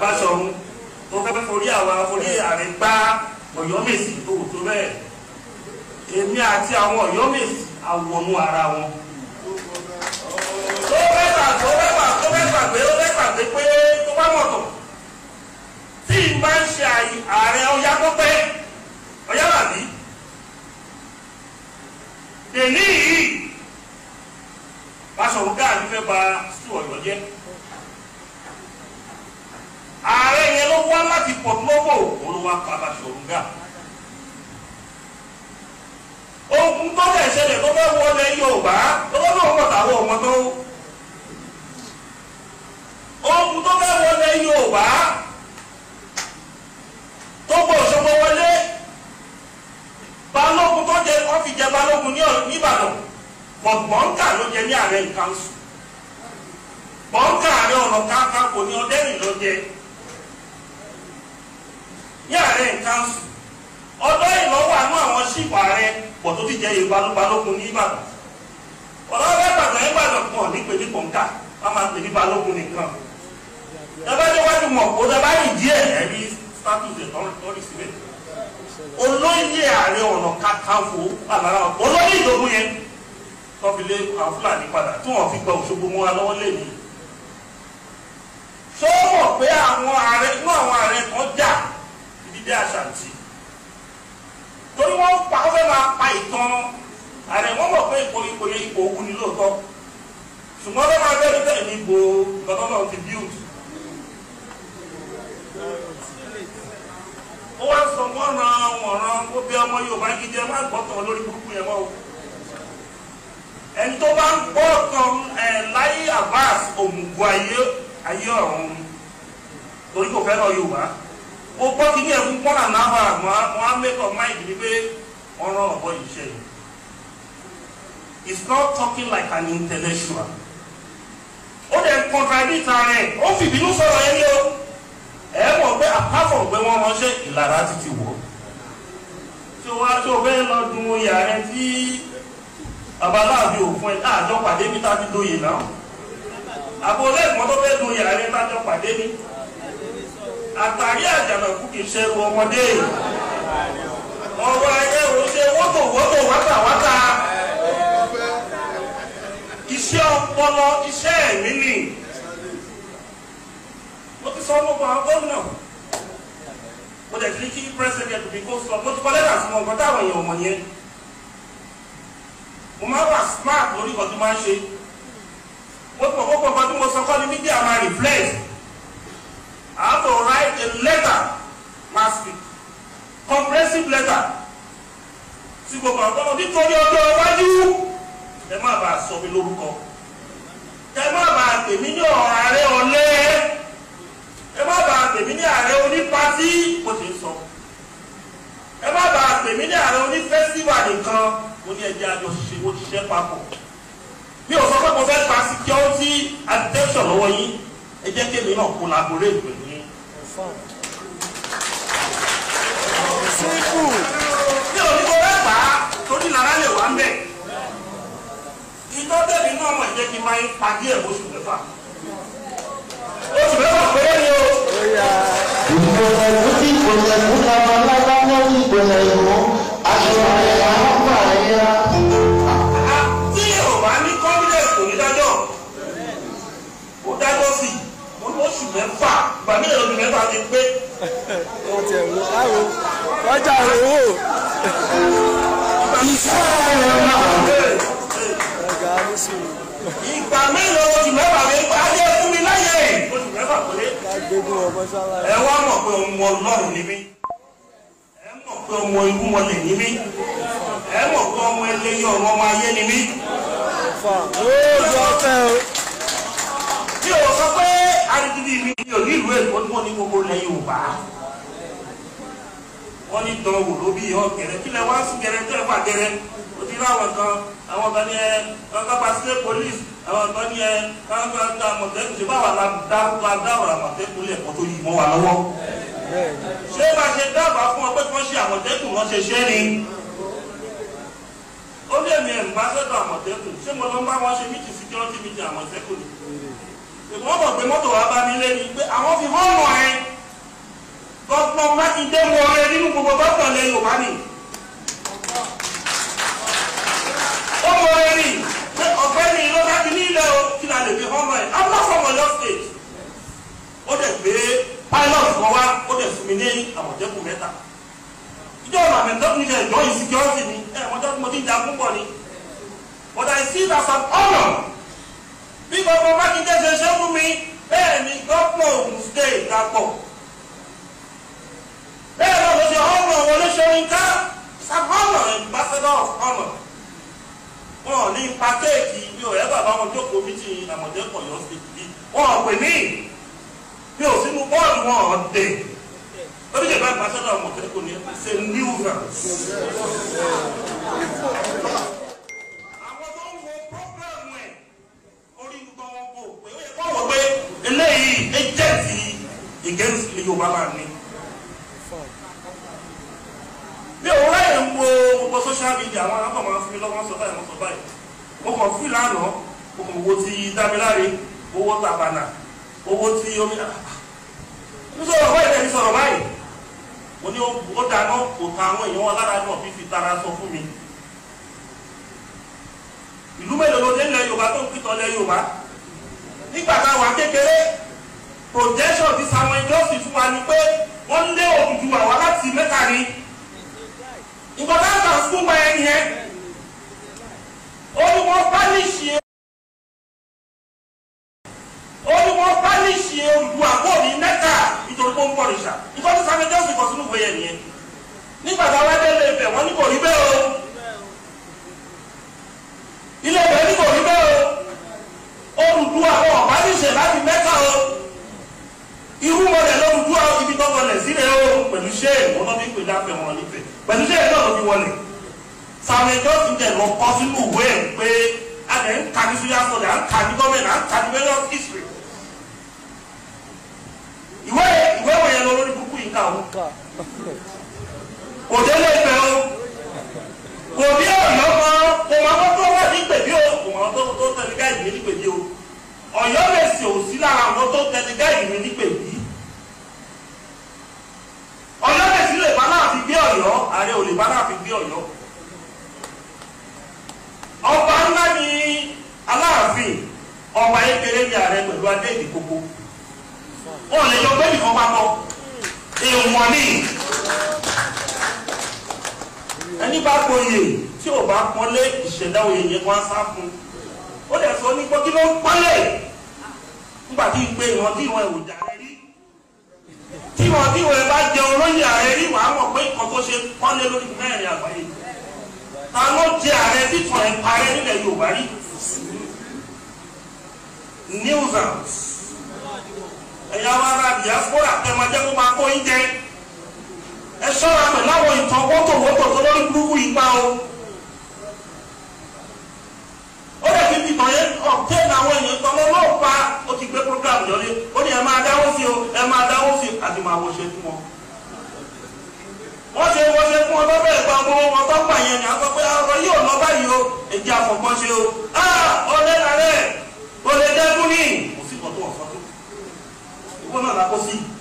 Bàṣọ̀run ó fẹ́ forí àwa forí àrẹ gbá Ọ̀yọ́mèsì tó wù tó bẹ́ẹ̀ èmi àti àwọn Ọ̀yọ́mèsì àwọnú ara wọn. ó fẹ́ gbà tó fẹ́ gbà tó fẹ́ gbà pé ó fẹ́ gbà pé pé tó bá mọ̀tọ̀ tí n bá ń ṣe ààrẹ ọ̀yá tó pẹ́ ọ̀yá làbí èní yìí Bàṣọ̀run gáà ló fẹ́ ba sùn Ọ̀yọ́ jẹ́. ààrẹ yẹn ló wá láti port novo òun ló wá ogun tó lè ṣẹlẹ̀ tó fẹ́ wọlé yorùbá tó fẹ́ lóun pọ̀tà ọmọ tó ogun tó fẹ́ wọlé yorùbá tó gbọ́ Òṣogbo wọlé balógun tó jẹ wọ́n fi jẹ balógun ní Ìbàdàn ní ààrẹ kánsù ọdọ ìlọ́wọ́ àánú àwọn ṣìpò ààrẹ pọ̀ tó ti jẹ́ yorùbá ló balógun ní ìbàdàn ọ̀dọ́ ìbàdàn ìbàdàn pọ̀ nípe ní kọ̀ǹkà wọ́n máa ń pè ní balógun nìkan tẹ́fẹ́tẹ́ wájú mọ̀ kó tẹ́ bá yìí díẹ̀ ẹ̀rí status ẹ̀ tọ́rí síbẹ̀ olóyè ààrẹ ọ̀nà kakanfò àlàra olóyè ìdógún yẹn tó fi lé àwọn fúlàní padà tí wọ́n fi gba òṣogbo mọ́ra lọ́wọ́ lé mi sọ mọ̀ pé àwọn ààrẹ inú àwọn ààrẹ kan jà dé àṣàǹtì torí wọ́n pa wọ́n fẹ́ máa pa ìtàn ààrẹ wọ́n mọ̀ pé ipò ipò yẹn ipò ogun ni lóòótọ́ ṣùgbọ́n fẹ́ máa bẹ́ẹ̀ bẹ́ẹ̀ ní ipò gbọ́dọ́nà ti build. ó wá sọ wọ́n ran wọ̀nran ó bí ọmọ Yorùbá gidi ẹ má gbọ́tàn lórí burúkú yẹn mọ́ o ẹni tó bá ń gbọ́ kan ẹ̀ láyé Abbas òmùgọ̀ ayé ayé torí kò fẹ́ràn Yorùbá mo gbọ́ kí ní ẹ̀kún pọ́nà náà hàn mọ́ mo á make up mind mi pé wọ́n rán ọ̀bọ yìí ṣe yìí not talking like an intellectual ó dẹ̀ contradict ara ẹ̀ ó fìbínú sọ̀rọ̀ yẹn yẹ o ẹ̀ mọ̀ pé apart from pé wọ́n ránṣẹ́ ìlara ti ti wọ̀ tí o wá tí o fẹ́ lọ dun oyè ààrẹ tí babaláàbí òfin ẹ̀ àjọ pàdé mi tá a ti dóye náà àbò lẹ́gbọ̀n tó fẹ́ dun oyè ààrẹ tá a jọ pàdé mi àtàrí àjànàkú kì í ṣe ẹrù ọmọdé ọwọ́ ayé ò ṣe wótòwótò wátàwátà iṣẹ́ ọpọlọ iṣẹ́ ẹ̀mí ni mo ti sọ gbogbo àwọn gómìnà mo dẹ̀ ti ní kí president bí kò sọ mo ti kọ́ lẹ́tà sí wọn nǹkan táwọn èèyàn ọmọ mo máa wà smart lórí nǹkan tó máa ń ṣe mo ti mọ̀ gbogbo nǹkan tí mo sọ kọ́ ni mídíà máa reflect. gbogbo pàrọ̀tọ́lọ́ nítorí ọjọ́ iwájú ẹ má bàa sọ mi lórúkọ ẹ má bàa pè ní ààrẹ ọ̀lẹ ẹ má bàa pè ní ààrẹ onípatí mo ti sọ ẹ má bàa pè ní ààrẹ onífẹ́síwà nìkan mo ní ẹjẹ́ àjọ ṣe mo ṣiṣẹ́ papọ̀ mi ò sọ pé mo fẹ́ pa security attention lọ́wọ́ yín ẹ jẹ́ kémi náà collaborate pẹ̀lú yín. máa ń parí ẹ̀ oṣù mẹ́fà oṣù mẹ́fà péré ni o. ìgbọ̀nà ìwúdí ìgbọ̀nà ìwúdí abalábá lẹ́yìn ìgbọ̀nà ìwú aṣọ rẹ̀ máa ń wà yá. tí o bá ní confidence kò ní dájọ́ kò dájọ́ sí mo ní oṣù mẹ́fà gbàmí ìrọ̀lù mẹ́fà ti pé. ó ti ẹ̀rù láwo wájà rẹ̀ wò. ìṣòro máa ń bẹ àmì ìlọ oṣù mẹ́fà mi pàdé fún mi láyè. oṣù mẹ́fà kò lé. ẹ wá mọ̀ pé òun wọ lọ́rùn ni mí ẹ mọ̀ pé ọmọ irú wọn lè ní mí ẹ mọ̀ pé ọmọ eléyìí ọmọ ọmọ ayé ni mí. mi ò sọ pé arìndínlẹ̀ mi ni ò ní ìlú èkó tí wọ́n ní gbogbo ilẹ̀ Yorùbá wọ́n ní tọ́ wò ló bí yọ gẹ̀rẹ́ kí lẹ wá sí gẹ̀rẹ́ tẹ́ fà gẹ̀rẹ́ òtí láwọn kan àwọn kan ní ẹ kankan pa sílé police àwọn kan ní ẹ káńtà dá àmọ̀tẹ́kù ṣe báwa la dá la dáwọ̀ àmọ̀tẹ́kù lè kọ́ tó yí mọ́ wa lọ́wọ́. ṣé wàá ṣe dábàá fún ọ pé kí wọ́n ṣe àmọ̀tẹ́kù wọ́n ṣe ṣẹ́ ni. ó lé mi ẹ̀rù bá sẹ́dọ̀ àmọ̀tẹ́kù ṣé mo lọ bá wọn ṣe mí ti security mi ti àmọ̀tẹ́kù ìgbọ́n bọ̀ pé mọ́tò wa bá mi lé ni pé àwọn fi hàn mọ́ ẹ ọ̀gbẹ́ni ló bá mi o kí la lè fi hàn mọ́ ẹ̀ i'm not from Oyo state ó dẹ̀ gbé pilot kan wá ó dẹ̀ fún mi ní àmọ̀tẹ́kùn mẹ́ta ìjọ ọ̀nà àmọ̀tẹ́kùn nílẹ̀ ìjọ insecurity ni ẹ̀ àmọ̀tẹ́kùn mo ti ń jà púpọ̀ ni but i see it as an honour bí gbogbo mákindé ṣe ṣe fún mi bẹ́ẹ̀ ni gọ́pọ̀ Ògùn state dàpọ̀ bẹ́ẹ̀ náà ló ṣe honour wọlé ṣorin ká it's an honour ambassador of honour wọn ò ní pàkéèkì mi ò rẹ́ bàbá wọn jókòó méjì àmọ̀tẹ́kọ̀ yọ̀ ṣe bí wọn pè mí mi ò sínú bọ́ọ̀lù wọn dé lórí ìjọba ìpàṣẹ́lẹ̀ àmọ̀tẹ́kọ̀ ni ṣe new round. àwọn tó ń wo programu ẹ̀ orí gbogbo wọn kò pé ó yẹ kó wọ́n pé eléyìí ẹjẹ́sì against Yorùbá máa ní. mi ò rẹ́ gbogbo social media àwọn arákọ̀ máa ń fi lọ́wọ́ sọ báyìí wọ́n sọ báyìí mo kàn fi lánàá owó ti dámiláre owó tàbànà owó ti omi n ah, ah. sọ̀rọ̀ báyìí lẹ́yìn sọ̀rọ̀ báyìí mo ní ó dáná kò ta àwọn èèyàn wọn lára náà fífi tara sọ fún mi ìlú mélòó ló dé ilẹ̀ Yorùbá tó ń pìtàn ilẹ̀ Yorùbá nígbà táwa kékeré projection ti Samuel Johnson fún wa ni pé wọ́n lé Odùduwà wá láti mẹ́ta ni. pé yẹn nìyẹn nígbà táwọn ẹgbẹ́ lè bẹ̀ wọ́n ní kò rí bẹ́ẹ̀ o ilé ìbẹ̀ ní kò rí bẹ́ẹ̀ o Odùduwà àwọn ọ̀bá níṣẹ̀ láti mẹ́ta o irú mọ̀lẹ̀ lÓdùduwà ibi tó wọlé sílẹ̀ o pẹ̀lú ṣé ìwọ́n náà fi pèlú àpẹ̀ wọn níbẹ̀ pẹ̀lú ṣé ìwọ́n náà fi wọlé Samuel Johnson dẹ̀ lọ kọ́ sínú ìwé ẹ̀ pé àgbẹ̀ ń ka ní suya sọ̀dẹ̀ à ń ka ní gọ́ọ̀mẹ̀ntì à ń ka ní million history ìwé ìwé wọ̀nyẹn lọ lórí kúkú yìí kà ó kò délé ìfẹ́ o kò bí ọ̀yọ́ kan kò máa tó tó wá sí pèbí o kò máa tó tó tẹ̀lé gáìdì mi ní pèbí o ọ̀yọ́ lè sì ò sí lára àwọn tó tẹ̀lé gáìdì mi ní pèbí ọ̀yọ́ lè sí lè bá láàfin gbé ọ̀yọ́ ààrẹ ò lè bá láàfin gbé ọ̀yọ́ ọba ńlá ni aláàfin ọba ekele ni ààrẹ pẹ̀lú adé ìdìkókó wọn ò lè yọ gbẹ́nìkan papọ̀ ìwọ̀nì ẹni bá gboyè tí ò bá pọ́nlé ìṣẹ̀dá oyè wá sá fún ó dẹ̀ sọ nípa kí ló ń pọ́nlé nígbà tí ń gbé ìwọ̀n tí ìwọ̀n ẹ̀wò rẹ rí tí ìwọ̀n tí ìwọ̀n bá jẹun lóyè ààrẹ rí wàá mọ̀ pé nǹkan tó ṣe pọ́nlé lórí mẹ́rin àgbáyé ta jẹ ààrẹ títàn ẹ̀ parẹ́ nílẹ̀ Yorùbá rí nuisance ẹ̀yà wa diaspora ẹ máa jẹ́ kó máa kó yín jẹ ẹ ṣọ́ra pẹ̀lú àwọn ìtàn wọ́tòwọ́tò tó lórí burúkú yìí pa o ó lè fi ìtàn yẹn ọ̀tẹ́ẹ̀nì àwọn èèyàn tán lọ́wọ́ pa ó ti gbé program yọrí ó ní ẹ máa dáwó sí o ẹ máa dáwó sí o àti máa wọṣẹ fún wọn wọ́n ṣe wọ́n ṣe fún ọtọ́ bẹ́ẹ̀ gba gbogbo wọn tó gbà yẹn ni àtọ́ pé ọ̀rọ̀ yóò lọ báyìí o èdè àfọ̀gbọ́n ṣe o ah, ọ̀lẹ́rẹ̀ rẹ̀ gbogbo la kó sí.